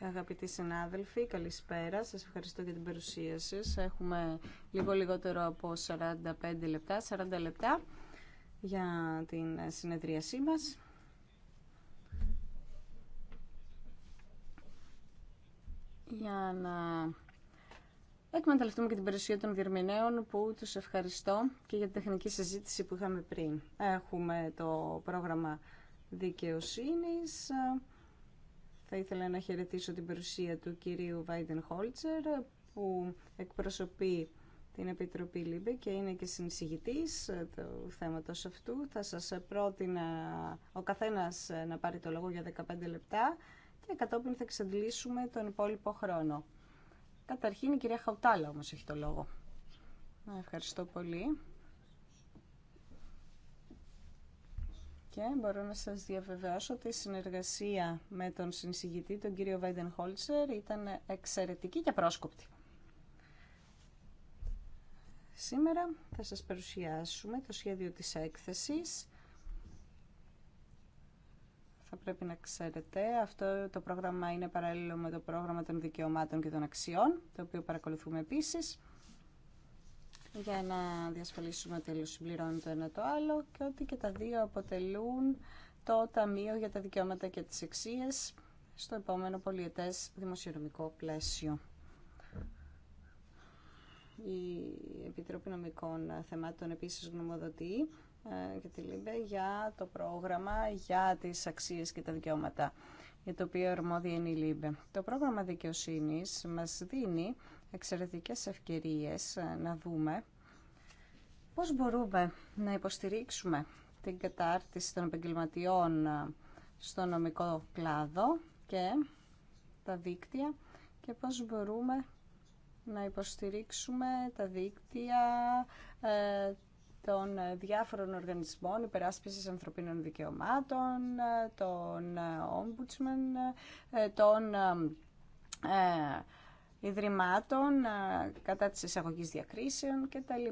Αγαπητοί συνάδελφοι, καλησπέρα. Σας ευχαριστώ για την παρουσία σας. Έχουμε λίγο λιγότερο από 45 λεπτά, 40 λεπτά για την συνεδρίασή μας. Για να εκμεταλλευτούμε και την παρουσία των διερμηνέων που τους ευχαριστώ και για την τεχνική συζήτηση που είχαμε πριν. Έχουμε το πρόγραμμα Δικαιοσύνης. Θα ήθελα να χαιρετήσω την παρουσία του κυρίου Βάιντεν Χόλτσερ που εκπροσωπεί την Επιτροπή ΛΥΜΠΕ και είναι και συνεισηγητής του θέματος αυτού. Θα σας πρότεινα ο καθένας να πάρει το λόγο για 15 λεπτά και κατόπιν θα εξαντλήσουμε τον υπόλοιπο χρόνο. Καταρχήν η κυρία Χαουτάλα όμως έχει το λόγο. Ευχαριστώ πολύ. Και μπορώ να σας διαβεβαιώσω ότι η συνεργασία με τον συνσηγητή, τον κύριο Βάιντεν Χόλτσερ, ήταν εξαιρετική και πρόσκοπτη. Σήμερα θα σας παρουσιάσουμε το σχέδιο της έκθεσης. Θα πρέπει να ξέρετε, αυτό το πρόγραμμα είναι παράλληλο με το πρόγραμμα των δικαιωμάτων και των αξιών, το οποίο παρακολουθούμε επίσης για να διασφαλίσουμε ότι συμπληρώνει το ένα το άλλο και ότι και τα δύο αποτελούν το Ταμείο για τα Δικαιώματα και τις Εξίες στο επόμενο πολιετές δημοσιονομικό πλαίσιο. Η Επιτροπή Νομικών Θεμάτων επίσης γνωμοδοτεί για ε, τη ΛΥΜΠΕ για το πρόγραμμα για τις αξίες και τα δικαιώματα για το οποίο αρμόδια είναι η ΛΥΜΠΕ. Το πρόγραμμα δικαιοσύνης μας δίνει εξαιρετικές ευκαιρίες ε, να δούμε πώς μπορούμε να υποστηρίξουμε την κατάρτιση των επαγγελματιών ε, στο νομικό κλάδο και τα δίκτυα και πώς μπορούμε να υποστηρίξουμε τα δίκτυα ε, των διάφορων οργανισμών υπεράσπισης ανθρωπίνων δικαιωμάτων, των Ombudsman, των ιδρυμάτων κατά της εισαγωγής διακρίσεων κτλ.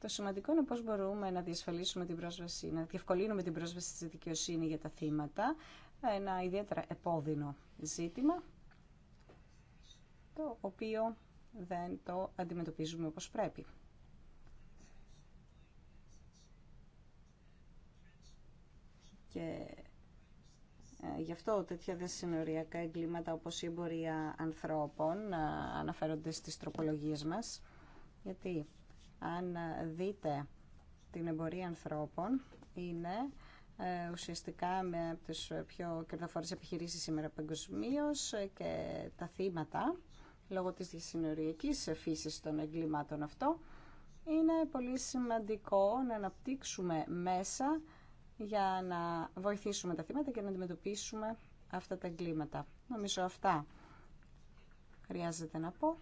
Το σημαντικό είναι πώς μπορούμε να διασφαλίσουμε την πρόσβαση, να διευκολύνουμε την πρόσβαση στη δικαιοσύνη για τα θύματα, ένα ιδιαίτερα επώδυνο ζήτημα, το οποίο δεν το αντιμετωπίζουμε όπως πρέπει. Ε, γι' αυτό τέτοια δεσυνοριακά εγκλήματα όπως η εμπορία ανθρώπων ε, αναφέρονται στις τροπολογίες μας. Γιατί αν δείτε την εμπορία ανθρώπων είναι ε, ουσιαστικά με από τις πιο κερδοφόρες επιχειρήσεις σήμερα παγκοσμίω και τα θύματα λόγω της δεσυνοριακής φύσης των εγκλήματων αυτό είναι πολύ σημαντικό να αναπτύξουμε μέσα για να βοηθήσουμε τα θύματα και να αντιμετωπίσουμε αυτά τα εγκλήματα. Νομίζω αυτά χρειάζεται να πω.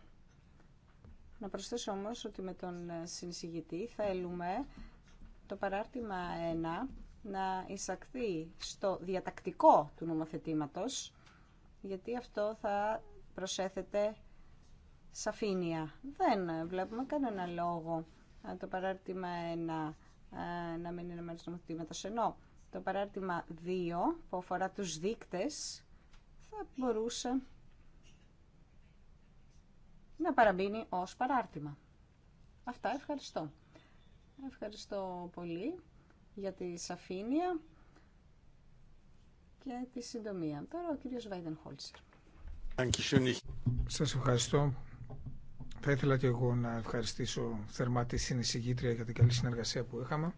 Να προσθέσω όμως ότι με τον ε, συνεισηγητή θέλουμε το παράρτημα 1 να εισακθεί στο διατακτικό του νομοθετήματος, γιατί αυτό θα προσέθεται σαφήνεια. Δεν βλέπουμε κανένα λόγο το παράρτημα 1 ε, να μην είναι μέρος του νομοθετήματος. Ενώ το παράρτημα 2 που αφορά τους δείκτες θα μπορούσε να παραμείνει ως παράρτημα. Αυτά ευχαριστώ. Ευχαριστώ πολύ για τη σαφήνεια και τη συντομία. Τώρα ο κύριος Βάιντεν Χόλσερ. Σας ευχαριστώ θα ήθελα και εγώ να ευχαριστήσω θερμά τη συνεισηγήτρια για την καλή συνεργασία που είχαμε.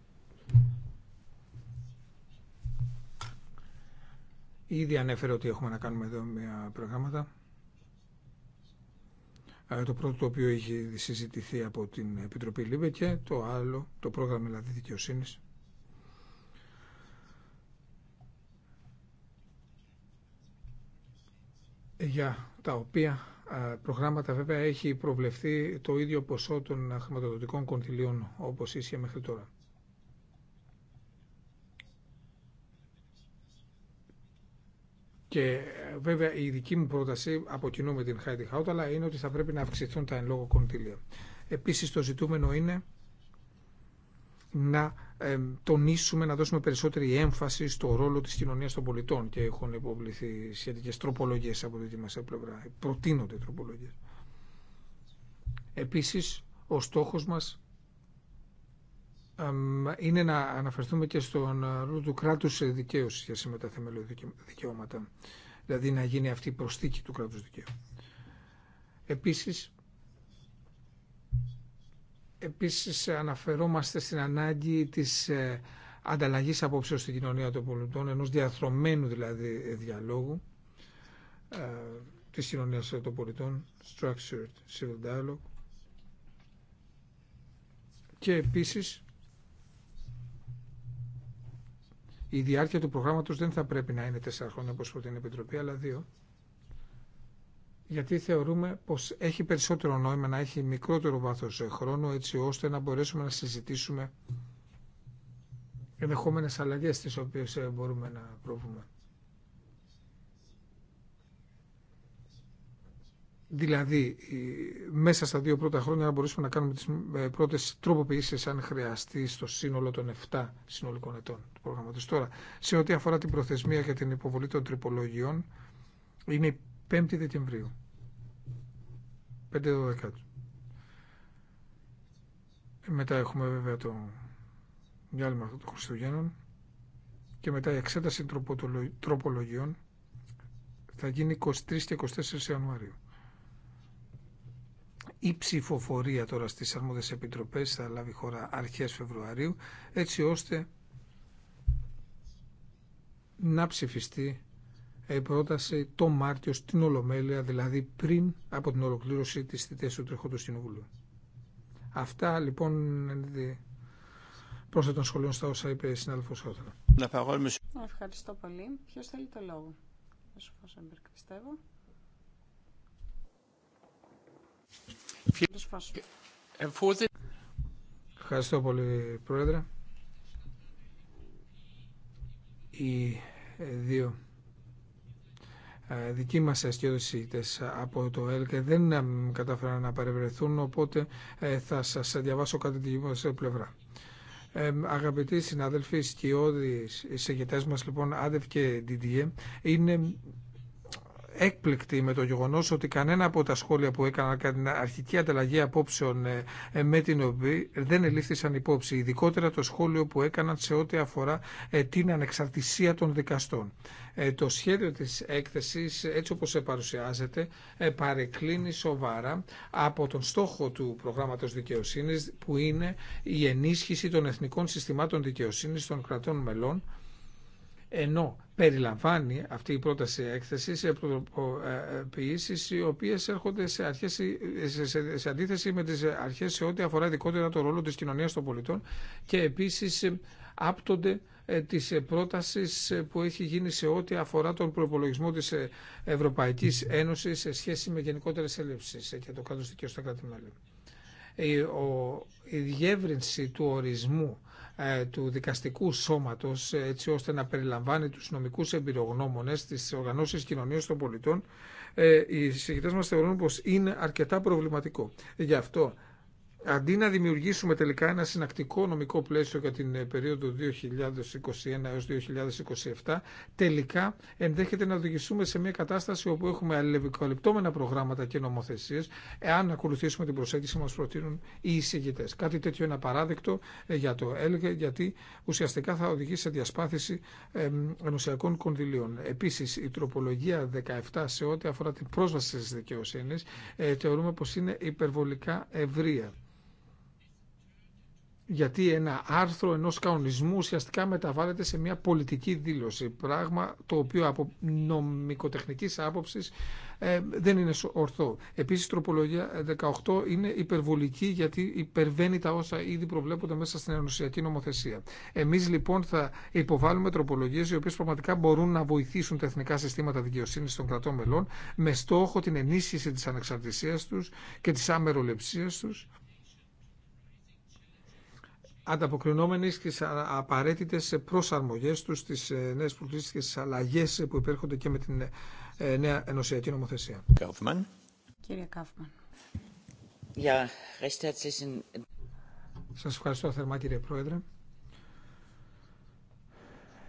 Ήδη ανέφερε ότι έχουμε να κάνουμε εδώ μια προγράμματα. Ε, το πρώτο το οποίο είχε συζητηθεί από την Επιτροπή ΛΥΜΕ και το άλλο, το πρόγραμμα δηλαδή δικαιοσύνης. για τα οποία προγράμματα βέβαια έχει προβλεφθεί το ίδιο ποσό των χρηματοδοτικών κοντιλίων όπως ίσχυε μέχρι τώρα. Και βέβαια η δική μου πρόταση από κοινού με την Χάιντι αλλά είναι ότι θα πρέπει να αυξηθούν τα εν λόγω κονδύλια. Επίσης το ζητούμενο είναι να τονίσουμε, να δώσουμε περισσότερη έμφαση στο ρόλο της κοινωνίας των πολιτών και έχουν υποβληθεί σχετικέ τροπολογίες από τη μας πλευρά. Προτείνονται τροπολογίες. Επίσης, ο στόχος μας είναι να αναφερθούμε και στον ρόλο του κράτους δικαίου για σχέση με τα θεμελιώδη δικαιώματα. Δηλαδή να γίνει αυτή η προσθήκη του κράτους δικαίου. Επίσης, Επίσης αναφερόμαστε στην ανάγκη της ε, ανταλλαγής απόψεως στην κοινωνία των πολιτών, ενός διαθρωμένου δηλαδή διαλόγου ε, της κοινωνίας των πολιτών, structured civil dialogue. Και επίσης η διάρκεια του προγράμματος δεν θα πρέπει να είναι τέσσερα χρόνια όπως προτείνει η Επιτροπή, αλλά δύο γιατί θεωρούμε πως έχει περισσότερο νόημα να έχει μικρότερο βάθος χρόνο έτσι ώστε να μπορέσουμε να συζητήσουμε ενδεχόμενε αλλαγέ τις οποίες ε, μπορούμε να προβούμε. Δηλαδή, μέσα στα δύο πρώτα χρόνια να μπορέσουμε να κάνουμε τις ε, πρώτες τροποποιήσεις αν χρειαστεί στο σύνολο των 7 συνολικών ετών του προγραμματος. Τώρα, σε ό,τι αφορά την προθεσμία για την υποβολή των τριπολογιών είναι 5η Δεκεμβρίου. 5 Δεκάτου. Μετά έχουμε βέβαια το διάλειμμα αυτό των Χριστουγέννων και μετά η δεκεμβριου 5 Δεκεμβρίου. μετα εχουμε βεβαια το διαλειμμα τροπολογιών θα γίνει 23 και 24 Ιανουαρίου. Η ψηφοφορία τώρα στις αρμόδες επιτροπές θα λάβει χώρα αρχές Φεβρουαρίου έτσι ώστε να ψηφιστεί ε, πρόταση το Μάρτιο στην Ολομέλεια, δηλαδή πριν από την ολοκλήρωση της θητείας του τρεχόντου Συνοβουλίου. Αυτά λοιπόν είναι πρόσθετων σχολείων στα όσα είπε η συνάδελφος Να Ευχαριστώ πολύ. Ποιος θέλει το λόγο. πιστεύω. Ευχαριστώ πολύ, Πρόεδρε. Οι ε, δύο ε, δική μας της από το ΕΛΚ δεν ε, κατάφεραν να παρευρεθούν, οπότε ε, θα σας διαβάσω κάτι τη πλευρά. Ε, αγαπητοί συνάδελφοι, σκιώδεις, οι μας λοιπόν, άδευ και ΔΙΔΙΕ είναι έκπληκτη με το γεγονό ότι κανένα από τα σχόλια που έκαναν κατά την αρχική ανταλλαγή απόψεων ε, ε, με την ΟΠΗ δεν ελήφθησαν υπόψη. Ειδικότερα το σχόλιο που έκαναν σε ό,τι αφορά ε, την ανεξαρτησία των δικαστών. Το σχέδιο της έκθεσης, έτσι όπως παρουσιάζεται, παρεκκλίνει σοβάρα από τον στόχο του προγράμματος δικαιοσύνη, που είναι η ενίσχυση των εθνικών συστημάτων δικαιοσύνης των κρατών μελών ενώ περιλαμβάνει αυτή η πρόταση έκθεση ε, ε, ε, σε οι οποίες έρχονται σε, αρχές, σε, σε, αντίθεση με τις αρχές σε ό,τι αφορά ειδικότερα το ρόλο τη κοινωνία των πολιτών και επίσης άπτονται της πρότασης που έχει γίνει σε ό,τι αφορά τον προπολογισμό της Ευρωπαϊκής Ένωσης σε σχέση με γενικότερες έλευσεις και το κράτος δικαίου στα κράτη-μέλη. Η, η διεύρυνση του ορισμού ε, του δικαστικού σώματος έτσι ώστε να περιλαμβάνει τους νομικούς εμπειρογνώμονες, της οργανώσεις κοινωνίας των πολιτών, ε, οι συγκεκριτέ μας θεωρούν πως είναι αρκετά προβληματικό. Γι' αυτό αντί να δημιουργήσουμε τελικά ένα συνακτικό νομικό πλαίσιο για την ε, περίοδο 2021 έως 2027, τελικά ενδέχεται να οδηγηθούμε σε μια κατάσταση όπου έχουμε αλληλευκολεπτόμενα προγράμματα και νομοθεσίες, εάν ακολουθήσουμε την προσέγγιση μας προτείνουν οι εισηγητές. Κάτι τέτοιο είναι απαράδεκτο ε, για το έλεγε, γιατί ουσιαστικά θα οδηγήσει σε διασπάθηση ενωσιακών κονδυλίων. Επίσης, η τροπολογία 17 σε ό,τι αφορά την πρόσβαση της δικαιοσύνης, ε, θεωρούμε πως είναι υπερβολικά ευρεία γιατί ένα άρθρο ενός κανονισμού ουσιαστικά μεταβάλλεται σε μια πολιτική δήλωση, πράγμα το οποίο από νομικοτεχνικής άποψης ε, δεν είναι ορθό. Επίσης, η τροπολογία 18 είναι υπερβολική γιατί υπερβαίνει τα όσα ήδη προβλέπονται μέσα στην ενωσιακή νομοθεσία. Εμείς λοιπόν θα υποβάλουμε τροπολογίες οι οποίες πραγματικά μπορούν να βοηθήσουν τα εθνικά συστήματα δικαιοσύνης των κρατών μελών με στόχο την ενίσχυση της ανεξαρτησίας τους και της άμερολεψίας τους ανταποκρινόμενοι στι απαραίτητες προσαρμογές τους στις ε, νέες προκλήσεις και στις αλλαγές που υπέρχονται και με την ε, νέα ενωσιακή νομοθεσία. Κάφμαν. Κύριε Κάφμαν. Σας ευχαριστώ θερμά κύριε Πρόεδρε.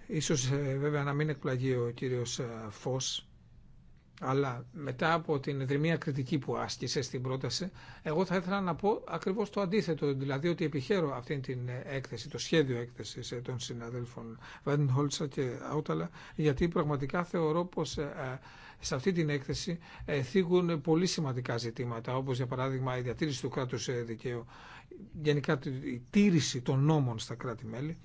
Ίσως ε, βέβαια να μην εκπλαγεί ο κύριος Φως αλλά μετά από την δρυμία κριτική που άσκησε στην πρόταση, εγώ θα ήθελα να πω ακριβώ το αντίθετο. Δηλαδή ότι επιχαίρω αυτή την έκθεση, το σχέδιο έκθεση ε, των συναδέλφων Βέντεν Χόλτσα και Άουταλα, γιατί πραγματικά θεωρώ πω ε, ε, σε αυτή την έκθεση θίγουν πολύ σημαντικά ζητήματα, όπω για παράδειγμα η διατήρηση του κράτου δικαίου, γενικά η τήρηση των νόμων στα κράτη-μέλη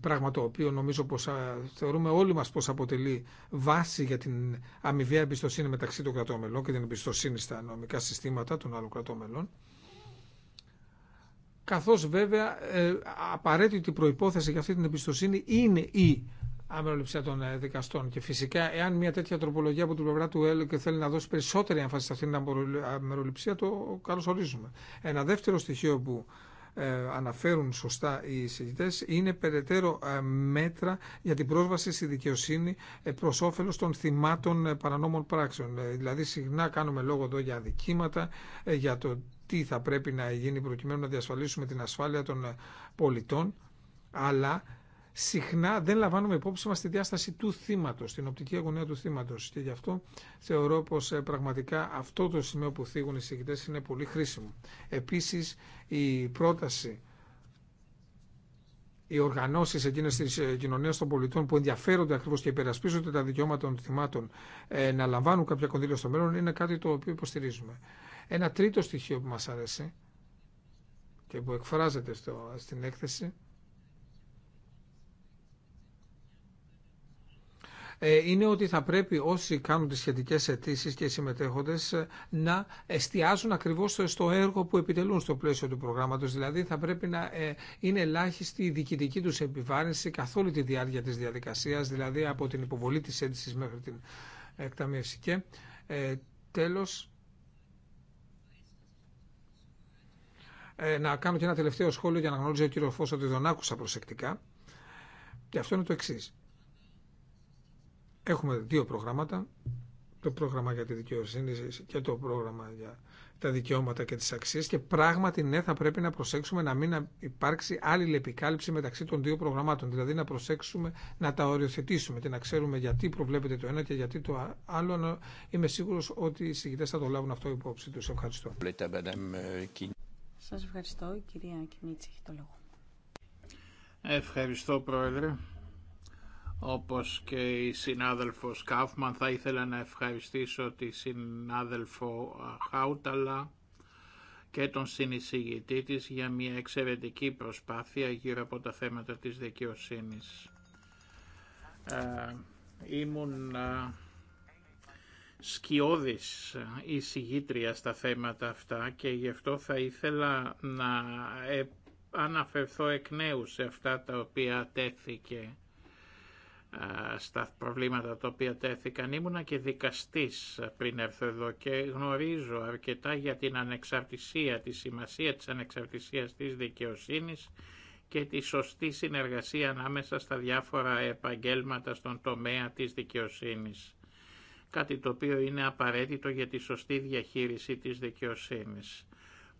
πράγμα το οποίο νομίζω πως θεωρούμε όλοι μας πως αποτελεί βάση για την αμοιβαία εμπιστοσύνη μεταξύ των κρατών μελών και την εμπιστοσύνη στα νομικά συστήματα των άλλων κρατών μελών καθώς βέβαια ε, απαραίτητη προϋπόθεση για αυτή την εμπιστοσύνη είναι η αμεροληψία των ε, δικαστών. Και φυσικά, εάν μια τέτοια τροπολογία από την πλευρά του ΕΛ και θέλει να δώσει περισσότερη έμφαση σε αυτή την αμεροληψία, το ορίζουμε. Ένα δεύτερο στοιχείο που ε, αναφέρουν σωστά οι συζητές είναι περαιτέρω ε, μέτρα για την πρόσβαση στη δικαιοσύνη ε, προ όφελο των θυμάτων παρανόμων πράξεων. Δηλαδή συχνά κάνουμε λόγο εδώ για αδικήματα, για το τι θα πρέπει να γίνει προκειμένου να διασφαλίσουμε την ασφάλεια των πολιτών, αλλά συχνά δεν λαμβάνουμε υπόψη μας τη διάσταση του θύματος, την οπτική αγωνία του θύματος. Και γι' αυτό θεωρώ πως ε, πραγματικά αυτό το σημείο που θίγουν οι συγκητές είναι πολύ χρήσιμο. Επίσης η πρόταση οι οργανώσεις εκείνες της ε, κοινωνίας των πολιτών που ενδιαφέρονται ακριβώς και υπερασπίζονται τα δικαιώματα των θυμάτων ε, να λαμβάνουν κάποια κονδύλια στο μέλλον είναι κάτι το οποίο υποστηρίζουμε. Ένα τρίτο στοιχείο που μας αρέσει και που εκφράζεται στο, στην έκθεση Ε, είναι ότι θα πρέπει όσοι κάνουν τις σχετικές αιτήσει και οι συμμετέχοντες ε, να εστιάζουν ακριβώς στο έργο που επιτελούν στο πλαίσιο του προγράμματος. Δηλαδή θα πρέπει να ε, είναι ελάχιστη η διοικητική τους επιβάρυνση καθ' όλη τη διάρκεια της διαδικασίας, δηλαδή από την υποβολή της αίτησης μέχρι την εκταμίευση. Και τέλος, να κάνω και ένα τελευταίο σχόλιο για να γνωρίζει ο κύριο Φώσο ότι τον άκουσα προσεκτικά. Και αυτό είναι το εξή. Έχουμε δύο προγράμματα, το πρόγραμμα για τη δικαιοσύνη και το πρόγραμμα για τα δικαιώματα και τις αξίες και πράγματι ναι θα πρέπει να προσέξουμε να μην υπάρξει άλλη λεπικάλυψη μεταξύ των δύο προγραμμάτων δηλαδή να προσέξουμε να τα οριοθετήσουμε και να ξέρουμε γιατί προβλέπεται το ένα και γιατί το άλλο είμαι σίγουρος ότι οι συγκητές θα το λάβουν αυτό υπόψη τους. Ευχαριστώ. Ε, Σας ευχαριστώ. κυρία Κινίτση έχει το λόγο. Ευχαριστώ Πρόεδρε. Όπως και η συνάδελφος Κάφμαν θα ήθελα να ευχαριστήσω τη συνάδελφο Χάουταλα και τον συνεισηγητή της για μια εξαιρετική προσπάθεια γύρω από τα θέματα της δικαιοσύνης. Ε, ήμουν σκιώδης εισηγήτρια στα θέματα αυτά και γι' αυτό θα ήθελα να ε, αναφερθώ εκ νέου σε αυτά τα οποία τέθηκε ε, στα προβλήματα τα οποία τέθηκαν. Ήμουνα και δικαστής πριν έρθω εδώ και γνωρίζω αρκετά για την ανεξαρτησία, τη σημασία της ανεξαρτησίας της δικαιοσύνης και τη σωστή συνεργασία ανάμεσα στα διάφορα επαγγέλματα στον τομέα της δικαιοσύνης. Κάτι το οποίο είναι απαραίτητο για τη σωστή διαχείριση της δικαιοσύνης.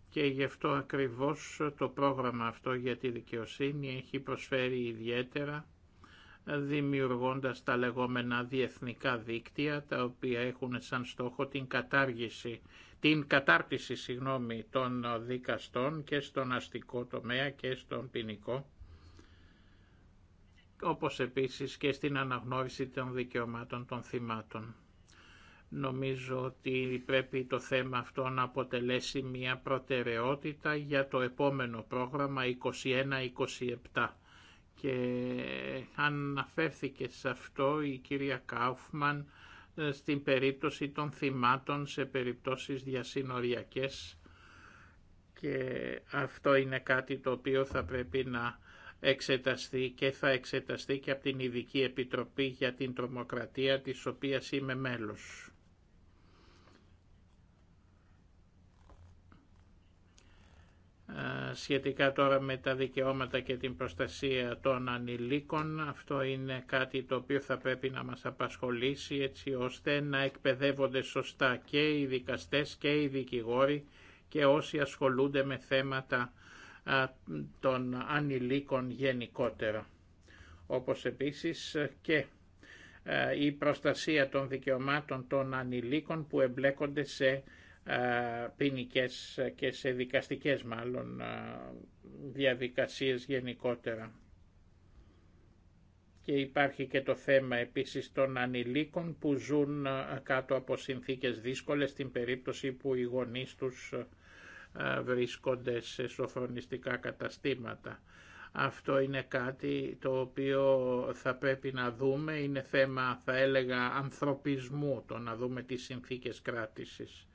Και γι' αυτό ακριβώς το πρόγραμμα αυτό για τη δικαιοσύνη έχει προσφέρει ιδιαίτερα δημιουργώντας τα λεγόμενα διεθνικά δίκτυα, τα οποία έχουν σαν στόχο την κατάργηση, την κατάρτιση συγγνώμη, των δικαστών και στον αστικό τομέα και στον ποινικό, όπως επίσης και στην αναγνώριση των δικαιωμάτων των θυμάτων. Νομίζω ότι πρέπει το θέμα αυτό να αποτελέσει μια προτεραιότητα για το επόμενο πρόγραμμα 21-27 και αναφέρθηκε σε αυτό η κυρία Κάουφμαν ε, στην περίπτωση των θυμάτων σε περιπτώσεις διασυνοριακές και αυτό είναι κάτι το οποίο θα πρέπει να εξεταστεί και θα εξεταστεί και από την Ειδική Επιτροπή για την Τρομοκρατία της οποίας είμαι μέλος. Ε, σχετικά τώρα με τα δικαιώματα και την προστασία των ανηλίκων. Αυτό είναι κάτι το οποίο θα πρέπει να μας απασχολήσει έτσι ώστε να εκπαιδεύονται σωστά και οι δικαστές και οι δικηγόροι και όσοι ασχολούνται με θέματα των ανηλίκων γενικότερα. Όπως επίσης και η προστασία των δικαιωμάτων των ανηλίκων που εμπλέκονται σε ε, ποινικέ και σε δικαστικές μάλλον ε, διαδικασίες γενικότερα. Και υπάρχει και το θέμα επίσης των ανηλίκων που ζουν ε, κάτω από συνθήκες δύσκολες στην περίπτωση που οι γονείς τους βρίσκονται σε σοφρονιστικά καταστήματα. Αυτό είναι κάτι το οποίο θα πρέπει να δούμε, είναι θέμα θα έλεγα ανθρωπισμού το να δούμε τις συνθήκες κράτησης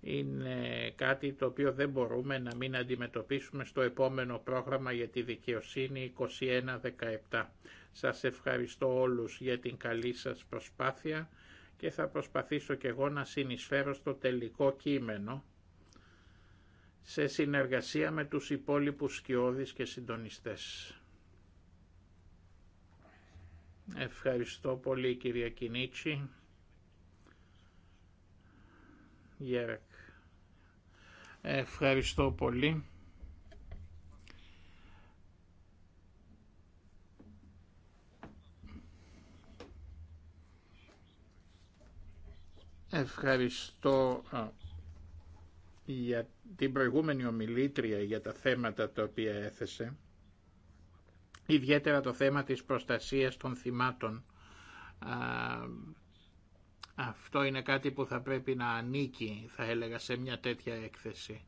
είναι κάτι το οποίο δεν μπορούμε να μην αντιμετωπίσουμε στο επόμενο πρόγραμμα για τη δικαιοσύνη 21-17. Σας ευχαριστώ όλους για την καλή σας προσπάθεια και θα προσπαθήσω και εγώ να συνεισφέρω στο τελικό κείμενο σε συνεργασία με τους υπόλοιπους σκιώδεις και συντονιστές. Ευχαριστώ πολύ κυρία Κινίτσι. Γερεκ. Ευχαριστώ πολύ. Ευχαριστώ για την προηγούμενη ομιλήτρια για τα θέματα τα οποία έθεσε, ιδιαίτερα το θέμα της προστασίας των θυμάτων αυτό είναι κάτι που θα πρέπει να ανήκει, θα έλεγα, σε μια τέτοια έκθεση.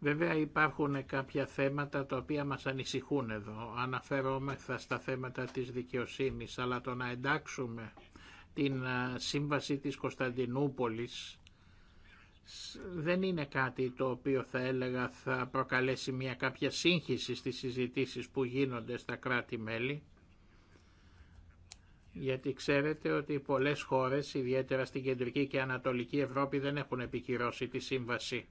Βέβαια υπάρχουν κάποια θέματα τα οποία μας ανησυχούν εδώ. Αναφέρομαι στα θέματα της δικαιοσύνης, αλλά το να εντάξουμε την ε, σύμβαση της Κωνσταντινούπολης δεν είναι κάτι το οποίο θα έλεγα θα προκαλέσει μια κάποια σύγχυση στις συζητήσεις που γίνονται στα κράτη-μέλη γιατί ξέρετε ότι πολλές χώρες, ιδιαίτερα στην κεντρική και ανατολική Ευρώπη, δεν έχουν επικυρώσει τη σύμβαση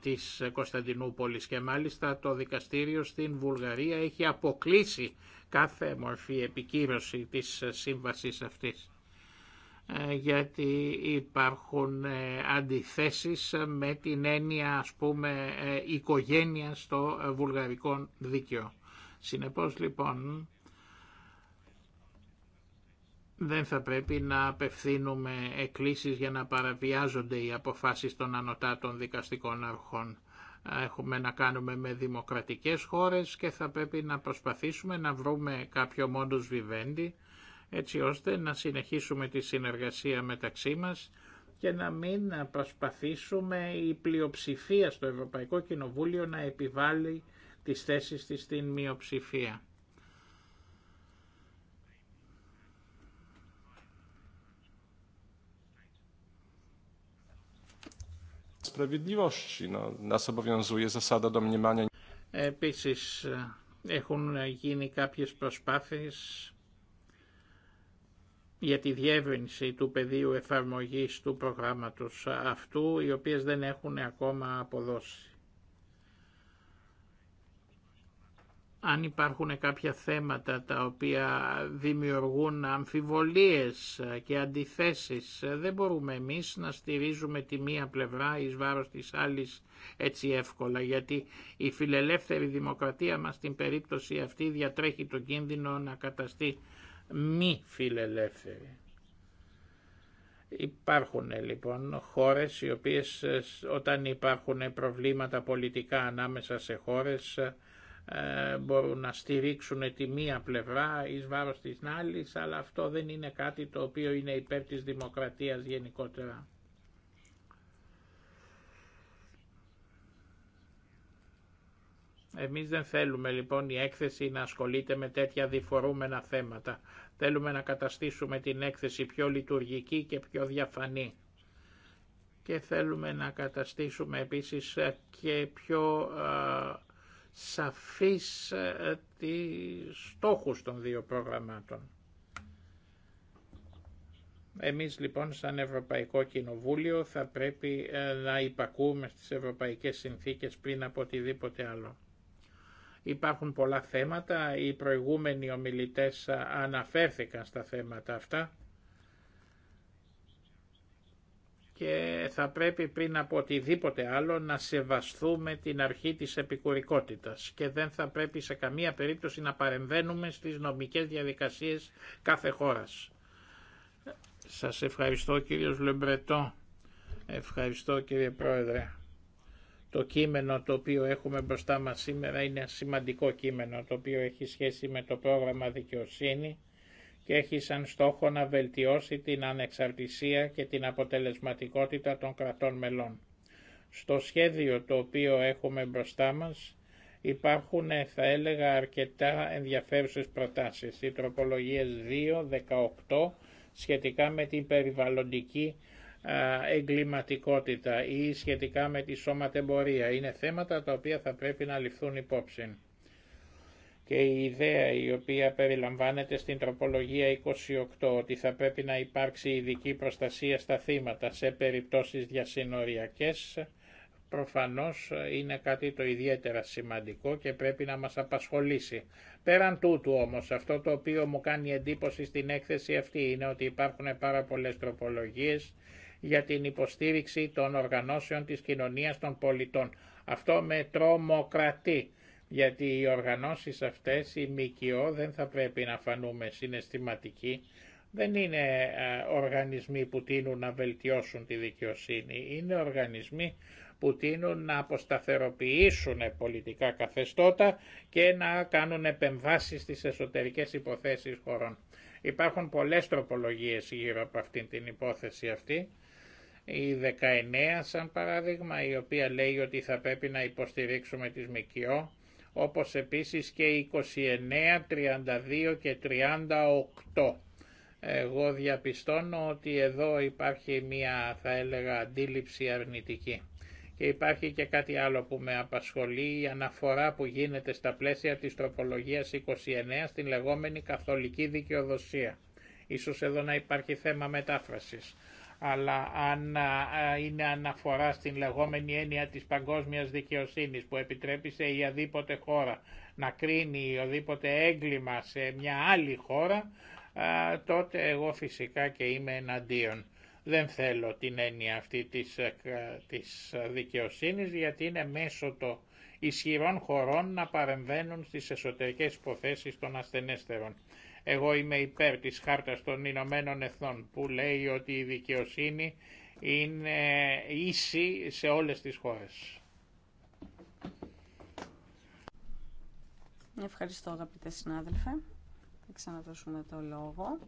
της Κωνσταντινούπολης και μάλιστα το δικαστήριο στην Βουλγαρία έχει αποκλείσει κάθε μορφή επικύρωση της ε, σύμβασης αυτής. Ε, γιατί υπάρχουν ε, αντιθέσεις με την έννοια ας πούμε ε, οικογένεια στο βουλγαρικό δίκαιο. Συνεπώς λοιπόν δεν θα πρέπει να απευθύνουμε εκκλήσεις για να παραβιάζονται οι αποφάσεις των ανωτάτων δικαστικών αρχών. Έχουμε να κάνουμε με δημοκρατικές χώρες και θα πρέπει να προσπαθήσουμε να βρούμε κάποιο μόντος βιβέντη έτσι ώστε να συνεχίσουμε τη συνεργασία μεταξύ μας και να μην προσπαθήσουμε η πλειοψηφία στο Ευρωπαϊκό Κοινοβούλιο να επιβάλλει τις θέσεις της στην μειοψηφία. Επίσης έχουν γίνει κάποιες προσπάθειες για τη διεύρυνση του πεδίου εφαρμογής του προγράμματος αυτού, οι οποίες δεν έχουν ακόμα αποδώσει. Αν υπάρχουν κάποια θέματα τα οποία δημιουργούν αμφιβολίες και αντιθέσεις, δεν μπορούμε εμείς να στηρίζουμε τη μία πλευρά εις βάρος της άλλης έτσι εύκολα, γιατί η φιλελεύθερη δημοκρατία μας στην περίπτωση αυτή διατρέχει τον κίνδυνο να καταστεί μη φιλελεύθερη. Υπάρχουν λοιπόν χώρες οι οποίες ε, όταν υπάρχουν προβλήματα πολιτικά ανάμεσα σε χώρες ε, μπορούν να στηρίξουν τη μία πλευρά εις βάρος της άλλης, αλλά αυτό δεν είναι κάτι το οποίο είναι υπέρ της δημοκρατίας γενικότερα. Εμείς δεν θέλουμε λοιπόν η έκθεση να ασχολείται με τέτοια διφορούμενα θέματα. Θέλουμε να καταστήσουμε την έκθεση πιο λειτουργική και πιο διαφανή. Και θέλουμε να καταστήσουμε επίσης και πιο α, σαφείς ε, στόχους των δύο προγραμμάτων. Εμείς λοιπόν σαν Ευρωπαϊκό Κοινοβούλιο θα πρέπει ε, να υπακούμε στις ευρωπαϊκές συνθήκες πριν από οτιδήποτε άλλο. Υπάρχουν πολλά θέματα, οι προηγούμενοι ομιλητές αναφέρθηκαν στα θέματα αυτά και θα πρέπει πριν από οτιδήποτε άλλο να σεβαστούμε την αρχή της επικουρικότητας και δεν θα πρέπει σε καμία περίπτωση να παρεμβαίνουμε στις νομικές διαδικασίες κάθε χώρας. Σας ευχαριστώ κύριος Λεμπρετό. Ευχαριστώ κύριε Πρόεδρε. Το κείμενο το οποίο έχουμε μπροστά μας σήμερα είναι σημαντικό κείμενο το οποίο έχει σχέση με το πρόγραμμα δικαιοσύνη και έχει σαν στόχο να βελτιώσει την ανεξαρτησία και την αποτελεσματικότητα των κρατών μελών. Στο σχέδιο το οποίο έχουμε μπροστά μας υπάρχουν θα έλεγα αρκετά ενδιαφέρουσες προτάσεις. Οι τροπολογίες 2, 18 σχετικά με την περιβαλλοντική εγκληματικότητα ή σχετικά με τη σώματεμπορία. Είναι θέματα τα οποία θα πρέπει να ληφθούν υπόψη. Και η ιδέα η οποία περιλαμβάνεται στην τροπολογία 28 ότι θα πρέπει να υπάρξει ειδική προστασία στα θύματα σε περιπτώσεις διασυνοριακές προφανώς είναι κάτι το ιδιαίτερα σημαντικό και πρέπει να μας απασχολήσει. Πέραν τούτου όμως, αυτό το οποίο μου κάνει εντύπωση στην έκθεση αυτή είναι ότι υπάρχουν πάρα πολλές τροπολογίες για την υποστήριξη των οργανώσεων της κοινωνίας των πολιτών. Αυτό με τρομοκρατεί, γιατί οι οργανώσεις αυτές, οι ΜΚΟ, δεν θα πρέπει να φανούμε συναισθηματικοί, δεν είναι οργανισμοί που τείνουν να βελτιώσουν τη δικαιοσύνη, είναι οργανισμοί που τείνουν να αποσταθεροποιήσουν πολιτικά καθεστώτα και να κάνουν επεμβάσεις στις εσωτερικές υποθέσεις χωρών. Υπάρχουν πολλές τροπολογίες γύρω από αυτήν την υπόθεση αυτή η 19 σαν παράδειγμα η οποία λέει ότι θα πρέπει να υποστηρίξουμε τις ΜΚΟ όπως επίσης και η 29, 32 και 38. Εγώ διαπιστώνω ότι εδώ υπάρχει μία θα έλεγα αντίληψη αρνητική. Και υπάρχει και κάτι άλλο που με απασχολεί, η αναφορά που γίνεται στα πλαίσια της τροπολογίας 29 στην λεγόμενη καθολική δικαιοδοσία. Ίσως εδώ να υπάρχει θέμα μετάφρασης αλλά αν είναι αναφορά στην λεγόμενη έννοια της παγκόσμιας δικαιοσύνης που επιτρέπει σε οποιαδήποτε χώρα να κρίνει οδήποτε έγκλημα σε μια άλλη χώρα, τότε εγώ φυσικά και είμαι εναντίον. Δεν θέλω την έννοια αυτή της, της δικαιοσύνης γιατί είναι μέσω των ισχυρών χωρών να παρεμβαίνουν στις εσωτερικές υποθέσεις των ασθενέστερων. Εγώ είμαι υπέρ της χάρτας των Ηνωμένων Εθνών που λέει ότι η δικαιοσύνη είναι ίση σε όλες τις χώρες. Ευχαριστώ αγαπητέ συνάδελφε. Θα ξαναδώσουμε το λόγο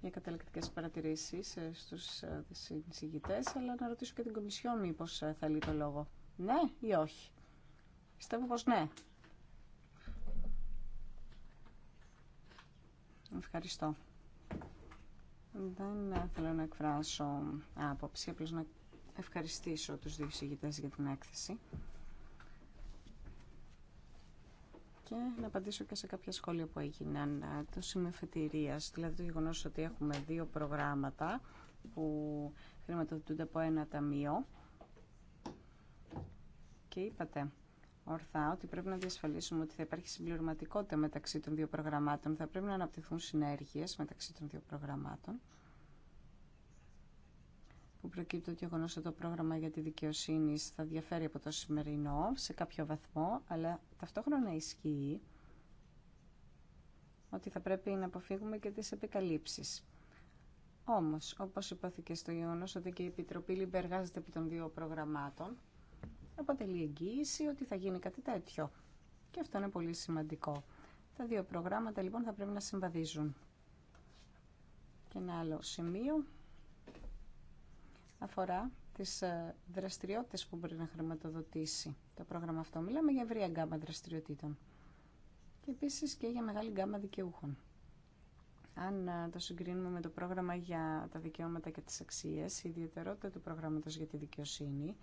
για καταληκτικέ παρατηρήσεις ε, στους ε, συνσηγητές, αλλά να ρωτήσω και την Κομισιόν μήπως ε, θέλει το λόγο. Ναι ή όχι. Πιστεύω πω ναι. Ευχαριστώ. Δεν θέλω να εκφράσω άποψη, απλώς να ευχαριστήσω τους δύο συγγητές για την έκθεση και να απαντήσω και σε κάποια σχόλια που έγιναν το σημείο δηλαδή το γεγονό ότι έχουμε δύο προγράμματα που χρηματοδοτούνται από ένα ταμείο και είπατε ορθά ότι πρέπει να διασφαλίσουμε ότι θα υπάρχει συμπληρωματικότητα μεταξύ των δύο προγραμμάτων, θα πρέπει να αναπτυχθούν συνέργειες μεταξύ των δύο προγραμμάτων που προκύπτει ότι γεγονό ότι το πρόγραμμα για τη δικαιοσύνη θα διαφέρει από το σημερινό σε κάποιο βαθμό, αλλά ταυτόχρονα ισχύει ότι θα πρέπει να αποφύγουμε και τις επικαλύψεις. Όμως, όπως υπόθηκε στο γεγονό ότι και η Επιτροπή λιμπεργάζεται εργάζεται επί των δύο προγραμμάτων, αποτελεί εγγύηση ότι θα γίνει κάτι τέτοιο. Και αυτό είναι πολύ σημαντικό. Τα δύο προγράμματα λοιπόν θα πρέπει να συμβαδίζουν. Και ένα άλλο σημείο αφορά τις ε, δραστηριότητες που μπορεί να χρηματοδοτήσει το πρόγραμμα αυτό. Μιλάμε για ευρία γκάμα δραστηριοτήτων και επίσης και για μεγάλη γκάμα δικαιούχων. Αν ε, το συγκρίνουμε με το πρόγραμμα για τα δικαιώματα και τις αξίες, η ιδιαιτερότητα του προγράμματος για τη δικαιοσύνη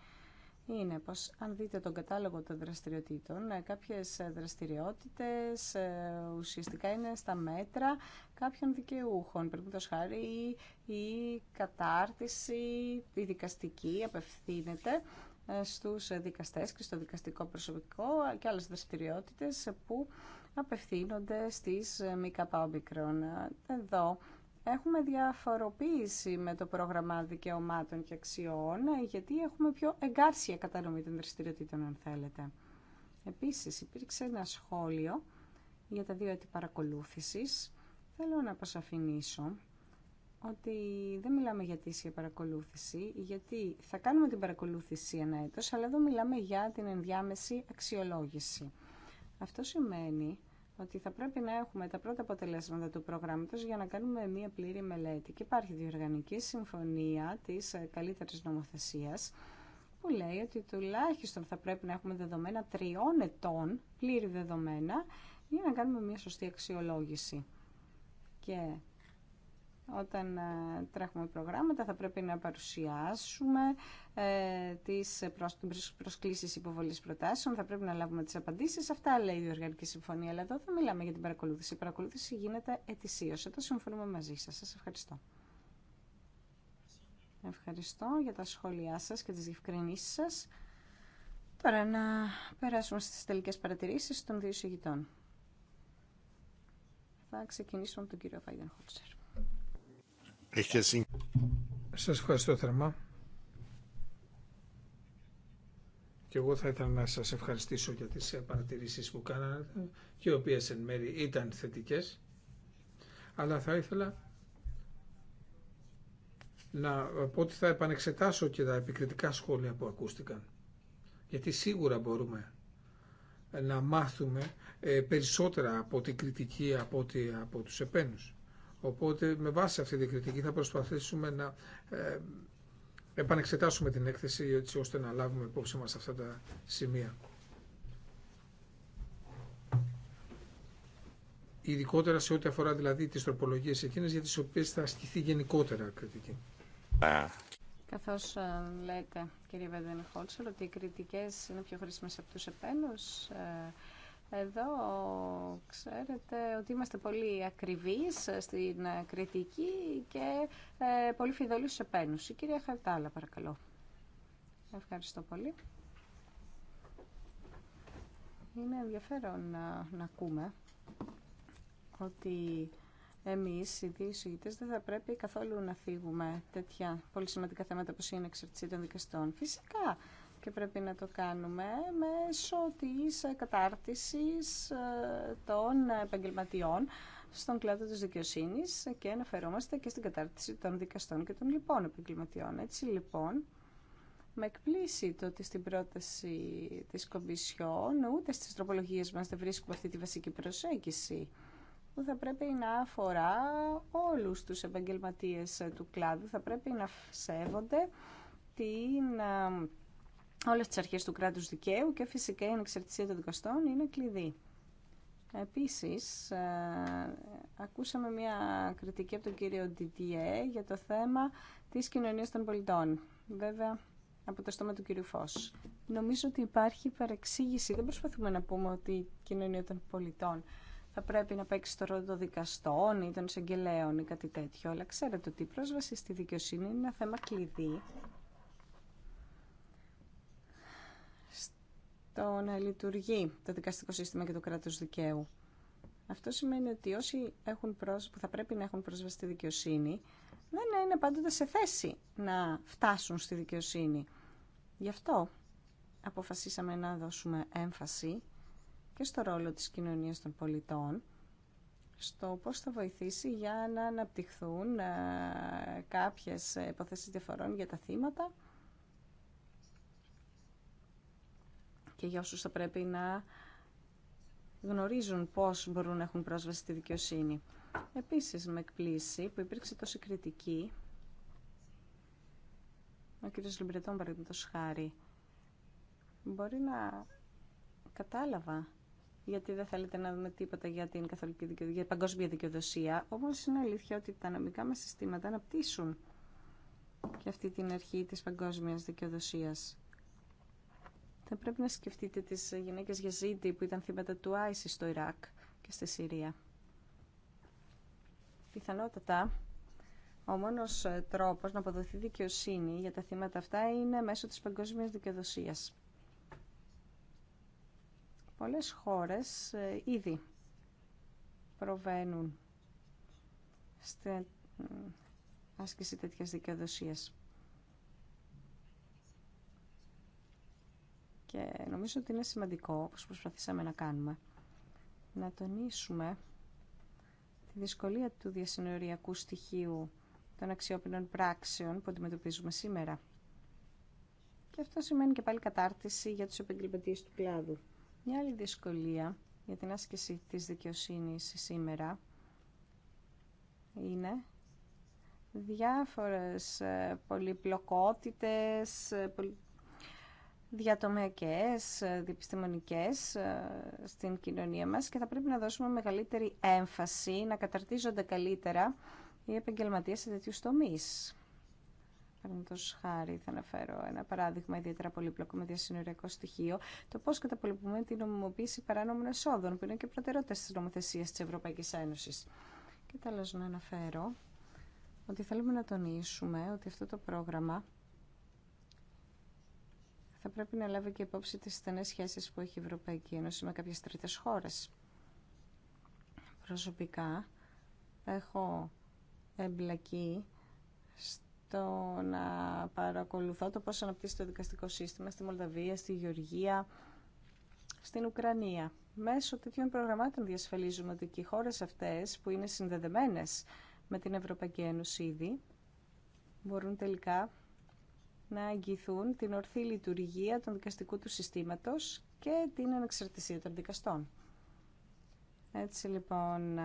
είναι πως αν δείτε τον κατάλογο των δραστηριοτήτων, ε, κάποιες ε, δραστηριότητες ε, ουσιαστικά είναι στα μέτρα κάποιων δικαιούχων. Πρέπει το χάρη η κατάρτιση, η δικαστική απευθύνεται στους δικαστές και στο δικαστικό προσωπικό και άλλες δραστηριότητες που απευθύνονται στις ΜΚΟ. Εδώ έχουμε διαφοροποίηση με το πρόγραμμα δικαιωμάτων και αξιών, γιατί έχουμε πιο εγκάρσια κατανομή των δραστηριοτήτων, αν θέλετε. Επίσης, υπήρξε ένα σχόλιο για τα δύο έτη παρακολούθησης. Θέλω να αποσαφηνίσω ότι δεν μιλάμε για τήσια παρακολούθηση, γιατί θα κάνουμε την παρακολούθηση ένα έτος, αλλά εδώ μιλάμε για την ενδιάμεση αξιολόγηση. Αυτό σημαίνει ότι θα πρέπει να έχουμε τα πρώτα αποτελέσματα του προγράμματος για να κάνουμε μία πλήρη μελέτη. Και υπάρχει διοργανική συμφωνία της καλύτερης νομοθεσίας που λέει ότι τουλάχιστον θα πρέπει να έχουμε δεδομένα τριών ετών, πλήρη δεδομένα, για να κάνουμε μία σωστή αξιολόγηση. Και όταν ε, τρέχουμε προγράμματα θα πρέπει να παρουσιάσουμε ε, τις προσκλήσεις υποβολής προτάσεων, θα πρέπει να λάβουμε τις απαντήσεις. Αυτά λέει η Οργανική Συμφωνία, αλλά εδώ δεν μιλάμε για την παρακολούθηση. Η παρακολούθηση γίνεται ετησίως. Εδώ συμφωνούμε μαζί σας. Σας ευχαριστώ. Ευχαριστώ για τα σχόλιά σας και τις διευκρινήσεις σας. Τώρα να περάσουμε στις τελικές παρατηρήσεις των δύο συγητών. Θα ξεκινήσουμε τον κύριο Φάιντεν Χόλτσερ. Σας ευχαριστώ θερμά. Και εγώ θα ήθελα να σας ευχαριστήσω για τις ε, παρατηρήσεις που κάνατε και οι οποίες εν μέρη ήταν θετικές. Αλλά θα ήθελα να ε, πω ότι θα επανεξετάσω και τα επικριτικά σχόλια που ακούστηκαν. Γιατί σίγουρα μπορούμε ε, να μάθουμε περισσότερα από την κριτική από, τη, από τους επένους. Οπότε με βάση αυτή την κριτική θα προσπαθήσουμε να ε, επανεξετάσουμε την έκθεση έτσι ώστε να λάβουμε υπόψη μας αυτά τα σημεία. Ειδικότερα σε ό,τι αφορά δηλαδή τις τροπολογίες εκείνες για τις οποίες θα ασκηθεί γενικότερα κριτική. Καθώς ε, λέτε κύριε Βεντενχόλσερ ότι οι κριτικές είναι πιο χρήσιμες από τους επένους, ε, εδώ ξέρετε ότι είμαστε πολύ ακριβείς στην κριτική και ε, πολύ φιδωλοί σε επένους. Η κυρία Χαρτάλα, παρακαλώ. Ευχαριστώ πολύ. Είναι ενδιαφέρον να, να ακούμε ότι εμείς οι δύο δεν θα πρέπει καθόλου να φύγουμε τέτοια πολύ σημαντικά θέματα που είναι εξαρτησία των δικαστών. Φυσικά και πρέπει να το κάνουμε μέσω της κατάρτισης ε, των επαγγελματιών στον κλάδο της δικαιοσύνης και αναφερόμαστε και στην κατάρτιση των δικαστών και των λοιπών επαγγελματιών. Έτσι λοιπόν, με εκπλήσει το ότι στην πρόταση της Κομισιόν ούτε στις τροπολογίες μας δεν βρίσκουμε αυτή τη βασική προσέγγιση που θα πρέπει να αφορά όλους τους επαγγελματίες του κλάδου, θα πρέπει να σέβονται την ε, όλες τις αρχές του κράτους δικαίου και φυσικά η ανεξαρτησία των δικαστών είναι κλειδί. Επίσης, ε, ακούσαμε μια κριτική από τον κύριο Ντιτιέ για το θέμα της κοινωνίας των πολιτών. Βέβαια, από το στόμα του κύριου Φως. Νομίζω ότι υπάρχει παρεξήγηση. Δεν προσπαθούμε να πούμε ότι η κοινωνία των πολιτών θα πρέπει να παίξει το ρόλο των δικαστών ή των εισαγγελέων ή κάτι τέτοιο. Αλλά ξέρετε ότι η πρόσβαση στη δικαιοσύνη είναι ένα θέμα κλειδί το να λειτουργεί το δικαστικό σύστημα και το κράτος δικαίου. Αυτό σημαίνει ότι όσοι έχουν πρόσ... που θα πρέπει να έχουν πρόσβαση στη δικαιοσύνη δεν είναι πάντοτε σε θέση να φτάσουν στη δικαιοσύνη. Γι' αυτό αποφασίσαμε να δώσουμε έμφαση και στο ρόλο της κοινωνίας των πολιτών στο πώς θα βοηθήσει για να αναπτυχθούν ε, κάποιες ε, υποθέσεις διαφορών για τα θύματα και για όσους θα πρέπει να γνωρίζουν πώς μπορούν να έχουν πρόσβαση στη δικαιοσύνη. Επίσης με εκπλήσει που υπήρξε τόση κριτική ο κ. Λιμπρετών παραδείγματος χάρη μπορεί να κατάλαβα γιατί δεν θέλετε να δούμε τίποτα για την καθολική δικαιοδοσία, για την παγκόσμια δικαιοδοσία. Όμω είναι αλήθεια ότι τα νομικά μα συστήματα αναπτύσσουν και αυτή την αρχή τη παγκόσμια δικαιοδοσία. Θα πρέπει να σκεφτείτε τις γυναίκες γεζίδη που ήταν θύματα του Άισι στο Ιράκ και στη Συρία. Πιθανότατα, ο μόνος ε, τρόπος να αποδοθεί δικαιοσύνη για τα θύματα αυτά είναι μέσω της παγκόσμιας δικαιοδοσίας. Πολλές χώρες ε, ήδη προβαίνουν στην άσκηση τέτοιας δικαιοδοσίας. Και νομίζω ότι είναι σημαντικό, όπως προσπαθήσαμε να κάνουμε, να τονίσουμε τη δυσκολία του διασυνοριακού στοιχείου των αξιόπινων πράξεων που αντιμετωπίζουμε σήμερα. Και αυτό σημαίνει και πάλι κατάρτιση για τους επαγγελματίες του κλάδου. Μια άλλη δυσκολία για την άσκηση της δικαιοσύνης σήμερα είναι διάφορες ε, πολυπλοκότητες, ε, διατομιακές, ε, διεπιστημονικές ε, στην κοινωνία μας και θα πρέπει να δώσουμε μεγαλύτερη έμφαση, να καταρτίζονται καλύτερα οι επαγγελματίες σε τέτοιου τομεί. Παραδείγματο χάρη, θα αναφέρω ένα παράδειγμα ιδιαίτερα πολύπλοκο με διασυνοριακό στοιχείο, το πώ καταπολεμούμε την νομιμοποίηση παράνομων εσόδων, που είναι και προτεραιότητα τη νομοθεσία τη Ευρωπαϊκή Ένωση. Και τέλο, να αναφέρω ότι θέλουμε να τονίσουμε ότι αυτό το πρόγραμμα θα πρέπει να λάβει και υπόψη τις στενές σχέσεις που έχει η Ευρωπαϊκή Ένωση με κάποιες τρίτες χώρες. Προσωπικά έχω εμπλακεί στο να παρακολουθώ το πώς αναπτύσσεται το δικαστικό σύστημα στη Μολδαβία, στη Γεωργία, στην Ουκρανία. Μέσω τέτοιων προγραμμάτων διασφαλίζουμε ότι και οι χώρες αυτές που είναι συνδεδεμένες με την Ευρωπαϊκή Ένωση ήδη μπορούν τελικά να αγγιθούν την ορθή λειτουργία των δικαστικού του συστήματος και την ανεξαρτησία των δικαστών. Έτσι λοιπόν,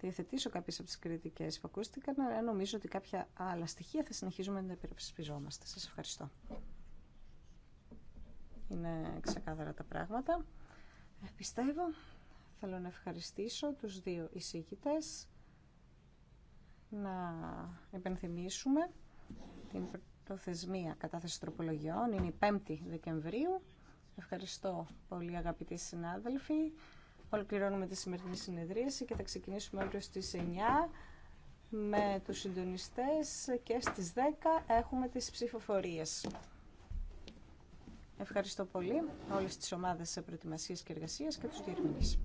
διαθετήσω κάποιες από τις κριτικές που ακούστηκαν, αλλά νομίζω ότι κάποια άλλα στοιχεία θα συνεχίζουμε να τα υπερασπιζόμαστε. Σας ευχαριστώ. Είναι ξεκάθαρα τα πράγματα. Ε, πιστεύω, θέλω να ευχαριστήσω τους δύο εισηγητές να επενθυμίσουμε την Προθεσμία κατάθεση τροπολογιών είναι η 5η Δεκεμβρίου. Ευχαριστώ πολύ αγαπητοί συνάδελφοι. Ολοκληρώνουμε τη σημερινή συνεδρίαση και θα ξεκινήσουμε αύριο στις 9 με τους συντονιστές και στις 10 έχουμε τις ψηφοφορίες. Ευχαριστώ πολύ όλες τις ομάδες προετοιμασίας και εργασίας και τους διερμηνείς.